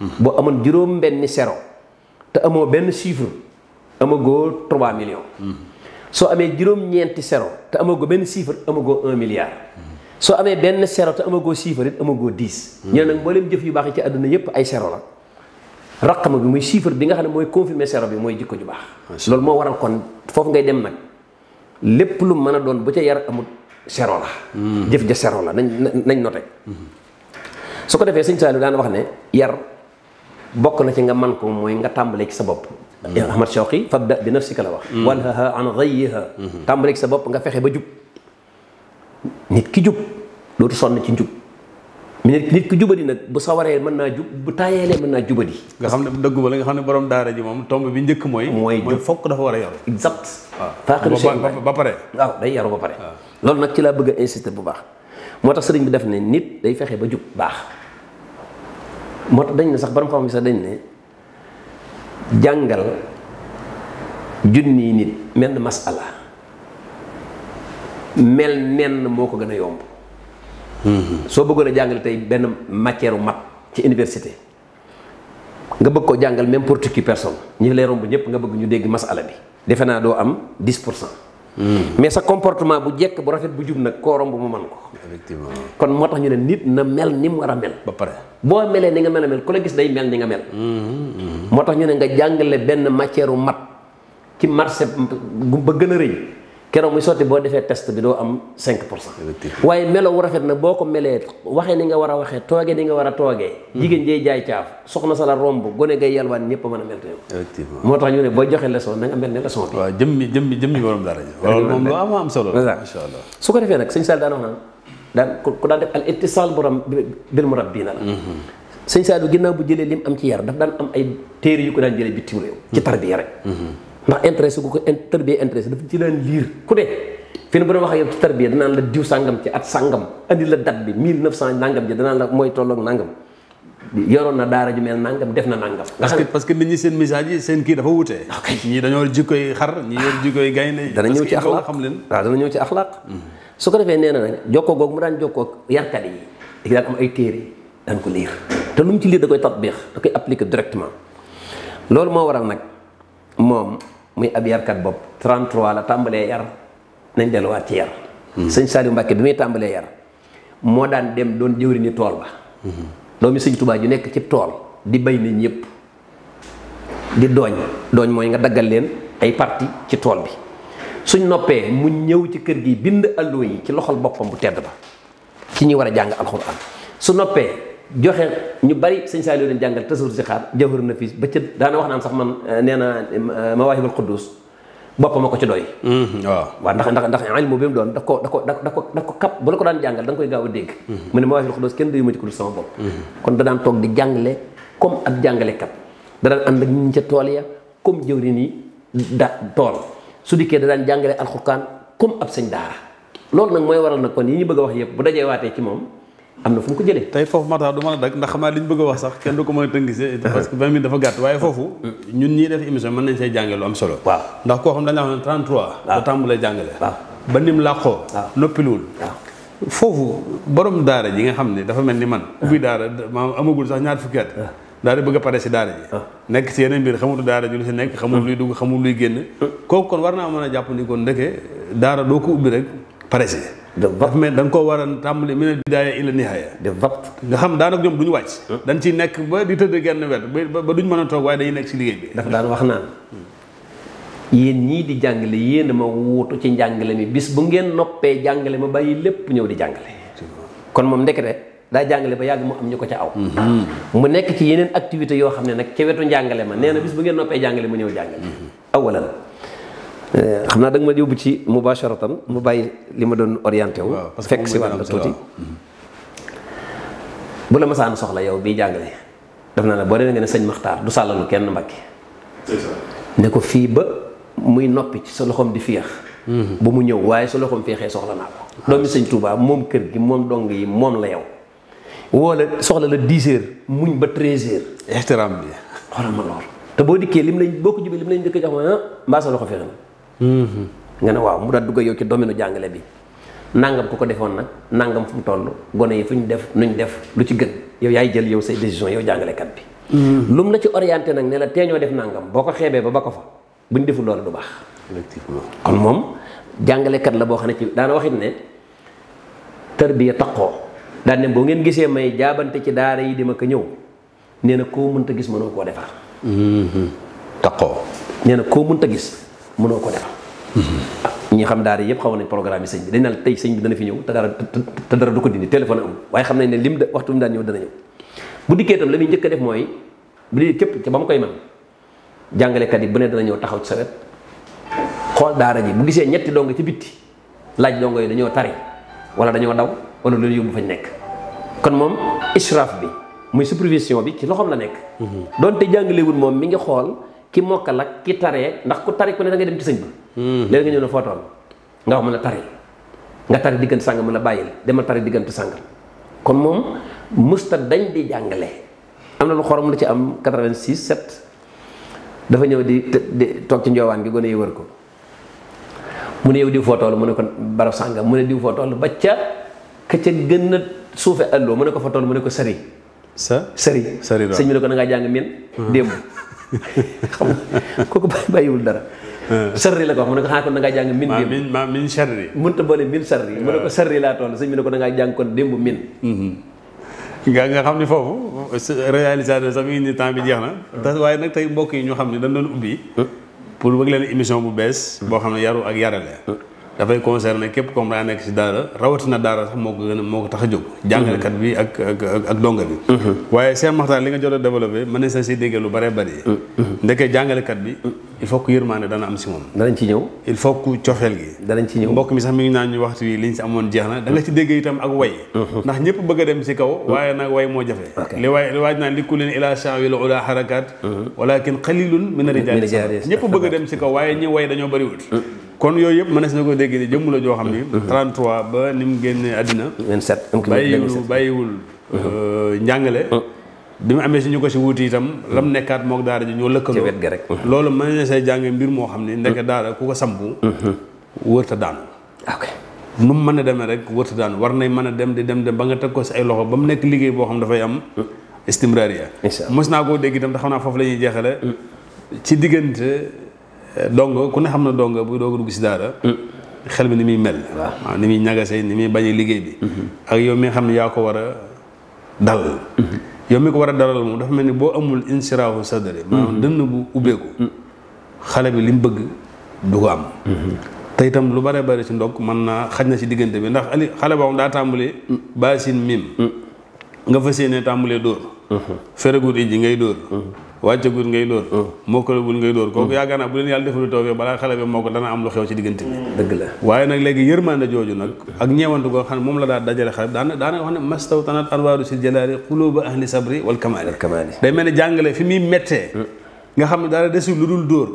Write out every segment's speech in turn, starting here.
boo amoon juróom benni sero te amoo benn chiffre amagoo 3 millions soo amee juróom-ñeenti zéro te amagoo benn chiffre amagoo 1 milliard soo amee benn zéro te amagoo chiffre it amagoo 10 ñu ne nag mboolem jëf yu baax yi ci àdduna yépp ay sero la raqama bi muy chiffre bi nga xam ne mooy confirmer sero bi mooy jikko ju baax loolu moo waral kon foofu ngay dem nag lépp lu mën a doon bu ca yar amut zéro la hmm. jëf ja zéro la nañ nañ noté hmm. su ko defee sëñ Saliou daan wax ne yar bokk na ci nga man ko mooy nga tàmbalee ki sa bopp Ahmad Shawqi fabda bi nafsika la wax mm-hmm. wanhaha an ghayyiha mm-hmm. tàmbalee ci sa bopp nga fexe ba jub nit ki jub loolu sonn ci njub nit nit ki jubadi nag bu waree mën naa jub bu taayeelee mën naa jubadi nga xam ne dëgg ba la nga xam ne borom daara ji moom tomb bi njëkk mooy mooy fokk dafa war a yaru exact waaw ah. ba pare waaw day yaru ba pare ah. loolu nag ci laa bëgg a bu baax moo tax sëriñ bi def ne nit day fexe ba jub baax moo tax dañ ne sax borom xam bi sax dañ ne jàngal junniy nit menn masala mel nenn moo ko gën a yomb mm-hmm. soo bëggoon jàngale tey benn matière mat ci université nga bëgg ko jàngal même pour toute personne ñi lee romb ñëpp nga bëgg ñu dégg masala bi defe naa doo am 10 pour cent mais sa comportement bu jekk bu rafet bu jub nag koo romb mu man ko. effectivement kon moo tax ñu ne nit na mel ni mu war a mel. ba pare boo melee ni nga mel a mel ku la gis day mel ni nga mel. Mm-hmm. moo tax ñu ne nga jàngale benn matière mat ci marché ba gën a rëy. keroog muy sotti boo defee test bi doo am 5 pour cent waaye melo wu rafet na boo ko melee waxee ni nga war a waxee toogee ni nga war a toogee hmm. jigéen jay jaay caaf soxna sa la romb gone gay yalwaan ñëpp a mën a mel teew moo tax ñu ne boo joxee leçon na nga mel ne leçon bi waaw jëmmi a jëmmi borom dara loolu moom lu am am solo la insha ko defee nag sëñ Sall daan wax naan daan ku borom bil mu rab bii na la hmm. sëñ Sall ginnaaw bu jëlee lim am ci yar daf daan am ay téere yu ko daan jëlee bitim réew ci tarbiya rek hmm. ndax intéressé gu ko tarbiya intéressé dafa ci daan liir ku ne fi ne bu doon wax ak ci tarbiya danaan la diw sàngam ci ak sàngam andi la date bi 1900 nangam ji danaan la mooy tolloog nangam yoroon na daara ju mel nangam def na nangam. parce que parce que nit ñi seen message yi seen kii dafa wute. ñii dañoo jikkoy xar ñii yor jikkoy gaynde. dana ñëw ci axlaaq xam leen waaw dana ñëw ci axlaaq mm-hmm. su ko defee nee na nag jokkoo googu mu daan jokkoo yarkat yi daan am ay téere daan ko liir te lu mu ci liir da koy tatbiix da koy appliquer directement loolu moo waral nag moom muy ab yarkat bopp 33 la tàmbalee yar nañ delluwaat ci yar sëñ Saliou Mbacke bi muy tàmbalee yar moo daan dem doon jëwri ni tool ba doomi sëñ Touba ju nekk ci tool di bay nit ñëpp di dooñ dooñ mooy nga daggal leen ay parti ci tool bi suñ noppee muñ ñëw ci kër gi bind alluwa yi ci loxol boppam bu tedd ba ci ñuy war a jàng alxuraan su noppee joxe ñu bari sëñ Saliou leen jàngal tasawur si xaar jawhar nafis ba ca daana wax naan sax man eh, nee na eh, eh, mawaahibul quddus boppam a ko ci doy mm-hmm. waaw waaw ndax ndax ndax ilmu bi mu doon da ko da ko da ko ko kap bu la ko daan jàngal da nga koy gaaw a dégg mm-hmm. mu ne mawaahibul quddus kenn doyu ma ci kuddus sama bopp mm-hmm. kon da daan toog di jàngale comme ab jàngalekat da daan ànd ak ñi ca tool ya comme jëwrin yi da tool su dikkee da daan jàngale alxuraan comme ab sëñ daara loolu nag mooy waral nag kon yi ñu bëgg a wax yëpp bu dajee waatee moom am na fu mu tey foofu Matar du mën a dagg ndax xamaa li ñu bëgg a wax sax kenn du ko mën a tënkisee. parce que 20 minutes dafa gàtt waaye foofu. ñun ñii def émission mën nañ see jàngee lu am solo. ndax koo xam dañ la wax ne 33. waaw ba tàmbalee jàngale. waaw ba nim làqoo. waaw noppiluwul. foofu borom daara ji nga xam ne dafa mel ni man. ubbi daara maam amagul sax ñaar fukki at. daal bëgg a pare si daara ji nekk si yeneen mbir xamutu daara ji lu si nekk xamul luy dugg xamul luy génn kooku kon war naa mën a jàpp ni kon doo ko ubbi rek pare si de vapt mais da koo war a tàmbali min al bidaaya ila nihaaya de vapt nga xam daanaka ñoom du ñu wàcc dañ ciy nekk ba di tëdd genn wet ba duñ mën a toog waaye dañuy nekk ci liggéey bi dafa daan wax naan ñii di jàngale yéen a wuutu ci njàngale mi bis bu ngeen noppee jàngale ma bàyyi lépp ñëw di jàngale kon moom ndekete daa jàngale ba yàgg mu am ñu ko ca aw mm-hmm. mu nekk ci yeneen activité yoo xam ne nag ca wetu jàngale ma nee na bis bu ngeen noppee jàngale ma ñëw jàngale mm-hmm. awalan Eh, xam naa da nga ma yóbbu ci mubasharatan mu bàyyi li ma doon orienté wu. fekk si wàll tuuti. Mhm. bu la masaan soxla yow bii jàngale. def naa ne boo demee nga ne sëñ Maxtaar du sàllalu kenn Mbàkke. ne ko fii ba muy noppi ci sa loxoom di féex. Mhm. bu mu ñëw waaye sa loxoom féexee soxla naa ko. Ah, doomi sëñ Touba moom kër gi moom dong yi moom la yow. woo la soxla la 10 heures muñ ba 13 heures. ixtiraam bi. xoolal ma lool te boo dikkee lim lañ boo ko jubee lim lañ njëkk a jox ma ah mbaa sa loxo féex na. Mm-hmm. nga ne waaw mu daal dugg yow ci domaine jàngale bi nangam ku ko defoon nag nangam fu mu toll gone yi fu ñu def nuñ def lu ci gën yow yaay jël yow say décision yow jàngalekat bi. Mm-hmm. lum la ci orienté nag ne la teeñoo def nangam boo ko xeebee ba ba ko fa buñ deful loolu du baax. effectivement kon moom jàngalekat la boo xam ne ci daana waxit ne tarbiya taqoo daan ne boo ngeen gisee may jaabante ci daara yi di ma ko ñëw nee na koo mënta gis mënoo koo defar. Mm-hmm. taqoo nee na koo mënta gis. mënoo ko defal. ñi xam daara yëpp xawoon nañ programme yi sëñ bi dañ naan tey sëñ bi dana fi ñëw te dara te dara du ko dindi téléphone amul waaye xam nañ ne lim waxtu mu daan ñëw dana ñëw bu dikkee itam la muy njëkk def mooy bu dee képp ca ba mu koy man jàngalekat yi bu ne dana ñëw taxaw ci sawet xool daara ji bu gisee ñetti dongo ci bitti laaj dongo yi dañoo tari wala dañoo daw wala loolu yóbbu fañ nekk kon moom israaf bi muy supervision bi ci loxoom la nekk. Mhm. donte mi ngi xool. ki mokkal ak ki taree ndax ku tari ku ne da ngay dem ci sëñ ba hmm. léegi nga ñëw ne foo toll nga wax mën a tari nga tari diggante sàngam mën a bàyyil demal tari diggante sàngam kon moom musta dañ di jàngale am na lu xorom lu ci am 86 7 dafa ñëw di toog ci njoowaan gi gone yi wër ko mu ne yow diw foo mu ne ko barab sàngam mu ne diw foo ba ca ka ca gën a suufe àlloo mu ne ko foo mu ne ko sëri sa sëri sëñ bi ne ko na jàng min hmm. xam nga kooku bàyyiwul dara. Ah. sarri la ko wax mu ne ko xanaa kon da ngaa jàng. min démb maa min sarri. mënut a boole min sarri. waaw ne ko ah. sarri laa toll sëñ bi ne ko da ngaa jàng kon démb min. Mhm. nga nga xam ni foofu réalisateur sax mi ngi temps bi jeex na. waaye nag tey mbokk yi ñu xam ne dañ doon ubbi. Ah. pour bëgg leen émission bu bees. boo xam ne yaru ak yarale. dafay concerné képp comme daa nekk si daara rawatina daara sax moo ko gën a moo ko tax jóg. Mhm. jàngalekat bi ak ak ak donga bi. Mhm. waaye Cheikh Makhtar li nga jot a développé mën nañ sa si déggee lu bëree bëri. Mhm. ndeke jàngalekat bi. il faut que yërmande dana am si moom. danañ ci ñëw. il faut que cofeel gi. danañ ci ñëw mbokk mi sax mi ngi naan ñu waxtu yi liñ si amoon jeex na da nga ci déggee itam ak way. ndax ñëpp bëgg a dem si kaw. waaye nag way moo jafe. li waay li waaj naan li kullin ila sha'wi al ula harakat. walakin qalilun min ar-rijal ñëpp bëgg a dem si kaw waaye ñi way dañoo bëriwul kon yooyu yëpp mënees na ko dégg ne jëmm la joo xam ni. 33 mm-hmm. mm-hmm. ba ni mu génnee àddina. 27 am bàyyiwul mm-hmm. euh, njàngale. bi mu amee si ñu ko si wuuti itam lam nekkaat moog daara ji ñoo lëkkaloo. ci wet ga rek. loolu mën na say jànge mbir moo xam ne ndeke daara ku ko sampu. wërta daanu. ok nu mu mën a demee rek wërta daanu war nay mën a dem di dem dem ba nga teg ko si ay loxo ba mu nekk liggéey boo xam dafay am. istimraariya. mos naa koo dégg itam te xam naa foofu lañuy ñuy jeexale ci diggante dong ku ne xam na dongo buy doog a dugg si daara. Mm. xel bi ni muy mel. waaw ni muy ñagasee ni muy bañ liggéey bi. Mm-hmm. ak yow mi xam ne yaa ko war a dalal. Mm-hmm. yow mi ko war a dalal moom dafa mel ni boo amul insiraahu sadri. maanaam mm-hmm. dënn bu ubbeeku. Mm. xale bi lim bëgg du ko am. te itam lu bare bare si ndog mën naa xaj na si diggante bi ndax ali xale boobu daa tàmbalee. Mm. baasin mim. nga fas yéene tàmbulee dóor. feregut ji ngay dóor. wàccagul ngay dóor mm. mokkalagul ngay dóor kooku mm. yaakaar naa bu leen yàlla defalu tawfeex balaa xale bi mokk dana am lu xew ci diggante bi mm. la waaye nag léegi yërmande jooju nag ak ñeewantu goo xam ne moom la daa dajale xale bi daana wax ne mastaw tanat anwaaru si jalaali xuluba mel ne jàngale fi muy méttee nga xam ne dara desul lu dul dóor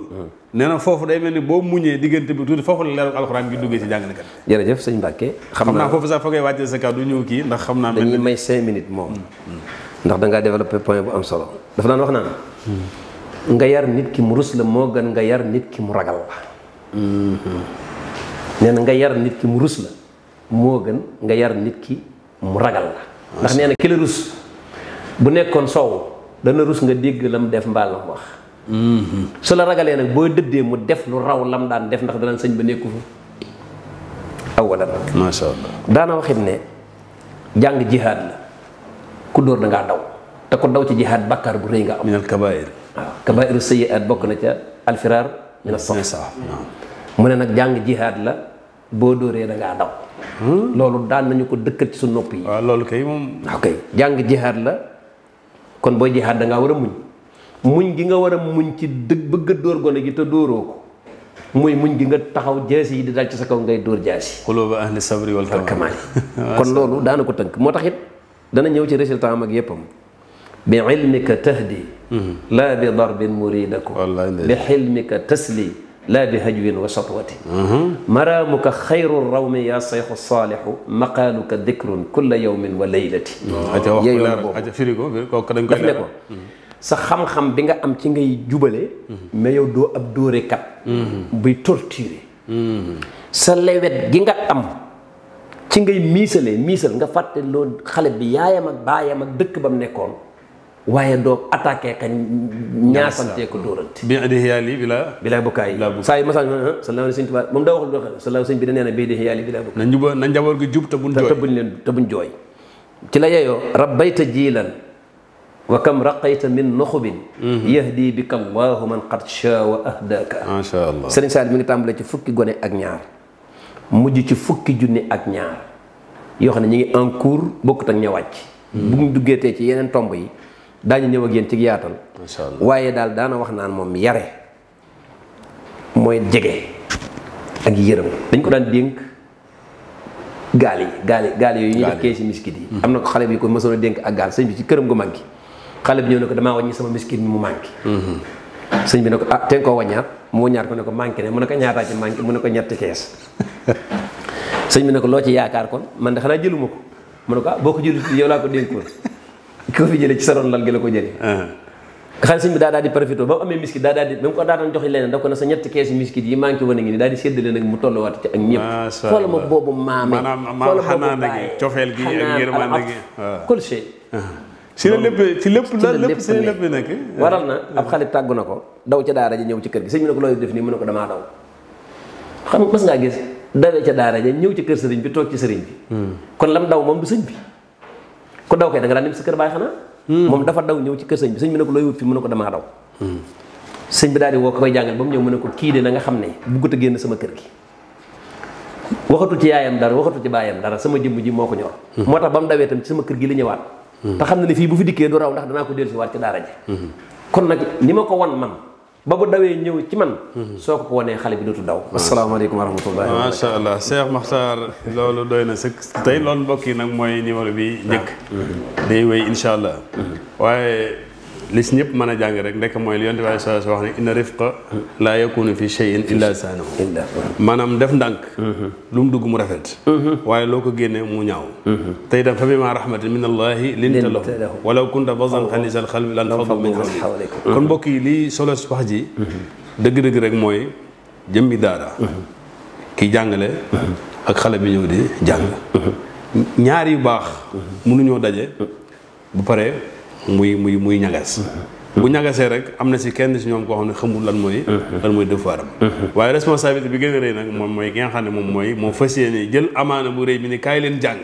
nee na foofu day mel ni boo muñee diggante bi tuuti foofu la leeru alxuraan gi duggee ci jàngalekat jërëjëf sëñ Mbàkke xam naa foofu sax fa koy wàccee sa kaw du ñëw kii ndax xam naa dañuy may cinq minutes moom ndax da ngaa bu am solo nga yar nit ki mu rus la moo gën nga yar nit ki mu ragal la nee nga yar nit ki mu rus la moo gën nga yar nit ki mu ragal la ndax nee na ki la rus bu nekkoon soow dana rus nga dégg la mu def mbaa lam wax su la ragalee nag boo dëddee mu def lu raw lam daan def ndax danaan sëñ ba nekku fa awalan maa sha daana waxit ne jàng jihaad la ku dóor da daw te ku daw ci jihaad bàkkaar bu rëy nga am. minal kabaayir waaw kabaayiru sayyiaat bokk na ca alfiraar. minal safaaf mu ne nag jàng jihaad la boo dóoree da ngaa daw. Hmm? loolu daan nañu ko dëkkal ci su nopp yi. waaw loolu kay moom. waaw kay jàng la kon booy jihaad da ngaa war a muñ. muñ gi nga war a muñ ci dëgg bëgg dóor gone gi te dóoroo ko. muy muñ gi nga taxaw jaasi yi di dal ci sa kaw ngay dóor jaasi. xulóoba ahli sabri kon loolu daana ko tënk moo tax it dana ñëw ci résultat am ak yéppam bi ilmika tahdi laa bi darbin muridaku wa satwati maraamuka xayru rawmi yaa sayxu saalixu maqaaluka dikrun kulla yawmin wa sa xam bi nga am ci ngay jubale mm-hmm. mais yow doo ab dóorekat mm-hmm. buy torturer mm-hmm. sa lewet gi nga am ci ngay miisale miisal nga fàtte loolu xale bi yaayam ak baayam ak dëkk ba mu nekkoon waaye doo attaqué ka ñaasantee ko dóorante bi di xiyaali bi la bi laa bukkaay saa yu message ah, sallallahu alayhi wa sallam moom daa waxul doo xam sallallahu sëñ bi da nee na bii di xiyaali bi laa bukkaay na njuba na njaboot gi jub te buñ jooy te buñ leen te buñ jooy ci la yeyoo rabbayta jiilan wa kam raqayta min nuxubin mhm. yahdi bi ka allahu man qad shaa wa ahdaaka maa sha allah sëriñ Saal mi ngi tàmbale ci fukki gone ak ñaar mujj ci fukki junni ak ñaar yoo xam ne ñu ngi en cours bokkut ak ña wàcc mhm. bu ñu duggeetee ci yeneen tomb yi daañu ñëw ak yéen ci yaatal. waaye daal daana wax naan moom yare mooy jege ak yërëm dañ ko daan dénk gaal yi gaal yi gaal yooyu ñuy kees keesi miskit yi. am na ko xale bi ko mësoon a dénk ak gaal sëñ bi ci këram gu manqué xale bi ñëw ne ko damaa wàññi sama miskit mu manqué. Mhm. sëñ bi ne ko ah te nga koo wàññaat mu wàññaat ko ne ko manqué ne mu ne ko ñaataa ci manqué mu ne ko ñetti kees sëñ bi ne ko loo ci yaakaar kon man de xanaa jëluma ko mu ne ko ah boo ki ko fi jëlee ci sa ron lal gi la ko jëlee nga xam ne sëñ bi daa di profité ba mu amee miskit daa daal di ba mu ko daataan sa di séddale nag mu tolluwaat ci ak ñëpp xoola ma ah. la lépp si lépp lépp si lépp ah. ko daw ca daara ji gi sëñ bi ne ko looy def nii mu ne ko damaa daw xam mas ngaa gis dawee ca daara ñëw ci kër sëriñ bi toog ci sëriñ bi hmm. kon lam daw moom du sëñ bi ku daw kay da nga daan dem si kër baay xanaa hmm. moom dafa daw ñëw ci kër sëñ bi sëñ bi ne ko looy wut fi mu ne ko damaa daw hmm. sëñ bi daal di woo koy jàngal ba mu ñëw mu ne ko kii de na nga xam ne buggut a génn sama kër gi waxatu ci yaayam dara waxatu ci baayam dara sama jëmm ji moo ko ñor hmm. moo tax ba mu dawee tam ci sama kër gi la ñëwaat te xam ne ne fii bu fi dikkee du raw ndax danaa ko dellusiwaat ci daara ji kon nag ni ma ko wan man ba bu dawee ñëw ci man. soo ko ko wanee xale bi dootul daw. asalaamaaleykum wa rahmatulah. macha allah Cheikh Makhtar loolu doy na sëkk tey lool mbokk yi nag mooy numéro bi njëkk. Mm-hmm. day wéy incha allah mm-hmm. waaye. li si ñëpp mën a jàng rek ndekk mooy li yonent bi sallallahu alayhi wax ne inna rifqa laa yakunu fi shay'in illa saanahu maanaam def ndànk mm-hmm. lu mu dugg mu rafet mm-hmm. waaye loo ko génne mu ñaaw mm-hmm. tey itam fa bimaa rahmatin min allahi linta lahum walaw kunta bazan xalisal xalbi lan faddu min hawlik kon mbokk yi lii solo si wax ji dëgg-dëgg rek mooy jëmmi daara ki jàngale ak xale bi ñëw di jàng ñaar yu baax mënuñoo daje ba pare muy muy muy ñagas uh-huh. bu ñagasee rek am na si kenn si ñoom koo xam ne xamul lan mooy uh-huh. lan mooy def am uh-huh. waaye responsabilité bi gën a rëy nag moom mooy ki xam ne moom mooy moo fas yéene jël amaana bu rëy bi ni kaay leen jàng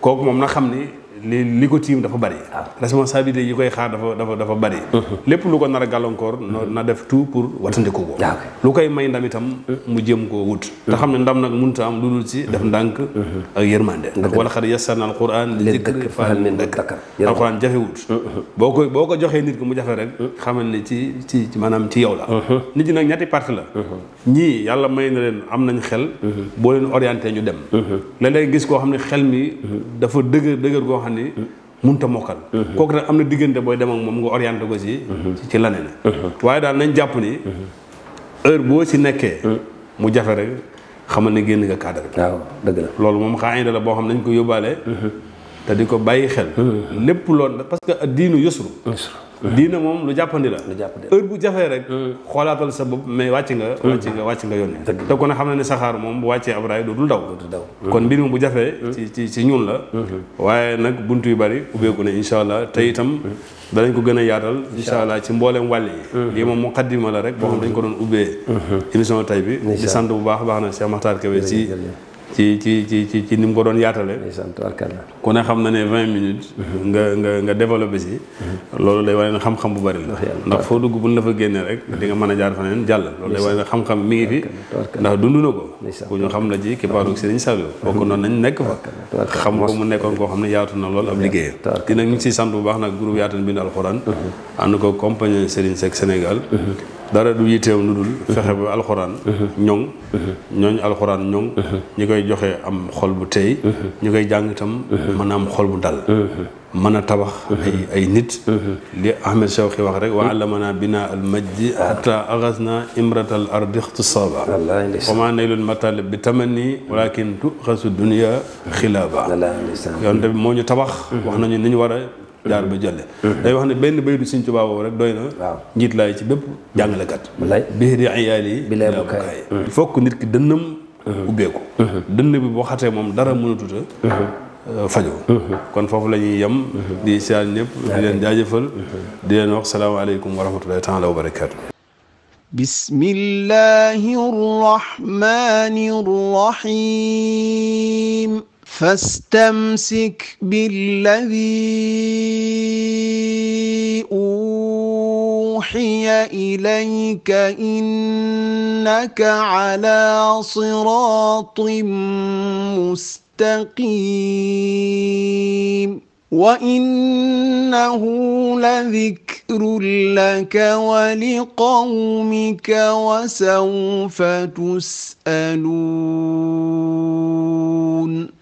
kooku moom na xam ni li li ko tiim dafa bari ah. responsabilité yi koy xaar dafa dafa dafa bari uh-huh. lépp lu ko nar a gàllankoor na uh-huh. def tout pour watandiku ko ah, lu koy may ndam itam uh-huh. mu jëm koo wut te xam ne ndam nag mun a am lu dul ci def ndànk ak yërmande wala xar yassarna alquran li dikri fahal min dakkar alquran jafewut boo ko boo ko joxee nit mu jafe rek xamal ne ci ci maanaam ci yow la nit ñi nag ñetti parti la ñii yàlla may na leen am nañ xel boo leen orienté ñu dem léeg ne xel mi dafa dëgër dëgër koo xam xam ni mënut a mokkal. Mhm. kooku nag am na diggante booy dem ak moom nga orienté ko si. Mhm. ci leneen. Mhm. waaye daal nañ jàpp ni heure boo si nekkee. mu jafe rek xamal ne génn nga cadre bi. waaw dëgg la loolu moom xaayante la boo xam nañ ko yóbbaale. te di ko bàyyi xel. lépp loolu parce que diinu diina moom lu jàppandi la lu jàppandi heure bu jafee rek hmm. xoolaatal sa bopp mais wàcc nga hmm. wàcc nga wàcc nga yoon te kon xam na ne saxaar moom bu wàccee ab raay dootul daw dootul daw hmm. kon mbir mi bu jafee ci ci ci ñun la waaye nag bunt yu bari ubbeeku ne incha allah te itam danañ ko gën a yaatal incha allah ci mbooleem wàll yi lii moom muqaddima la rek boo xam dañ ko doon ubbee émission tay bi di sant bu baax baax na Cheikh Makhtar Kébé ci ci ci ci ci ci ni mu ko doon yaatale. ku ne xam na ne vingt minutes. Mhm. nga nga nga développé si. Mhm. loolu day wane ne xam-xam bu bari la. ndax foo dugg buñ la fa génnee rek. di nga mën a jaar faneen jàll. loolu day wane ne xam-xam mi ngi fi. ndax dund na ko. ku ñu xam la ji kipaaru Serigne Saliou. Mhm. bokk noonu nañ nekk fa. xam ko mu nekkoon koo xam ne yaatu na lool ab liggéeyam. di nag ñu ngi siy sant bu baax nag groupe yaatal mbindu alxuraan. ànd ko compagnie Serigne Seck Sénégal. dara du yitteem lu dul mhm. fexe ba alxuraan mhm. ñoŋ mhm. ñooñ alxuraan ñoŋ ñu koy joxe am xol bu tey ñu koy jàng itam mën a am xol bu dal mën a tabax ay ay nit li Ahmed Shawqi wax rek wa allamana bina al majdi hatta axasna imrata al ardi ixtisaaba wa ma naylul matalib bi tamanni walakin tu xasu dunia xilaaba yoon tamit moo ñu tabax wax nañu ni ñu jaar ba jàlle day wax ne benn baydu Sëriñ Tuubaa boobu rek doy na waaw njiit laay ci bépp jàngalekat biir di ayaal yi bi lay bukaay fokk nit ki dënnam ubbeeku dënn bi boo xatee moom dara mënatuta euh, fajo kon foofu la ñuy yem di siyaar ñëpp di leen jaajëfal di leen wax salaamaaleykum wa rahmatullahi taala wa barakaatu bismillahi rahmani rahim فاستمسك بالذي اوحي اليك انك على صراط مستقيم وانه لذكر لك ولقومك وسوف تسالون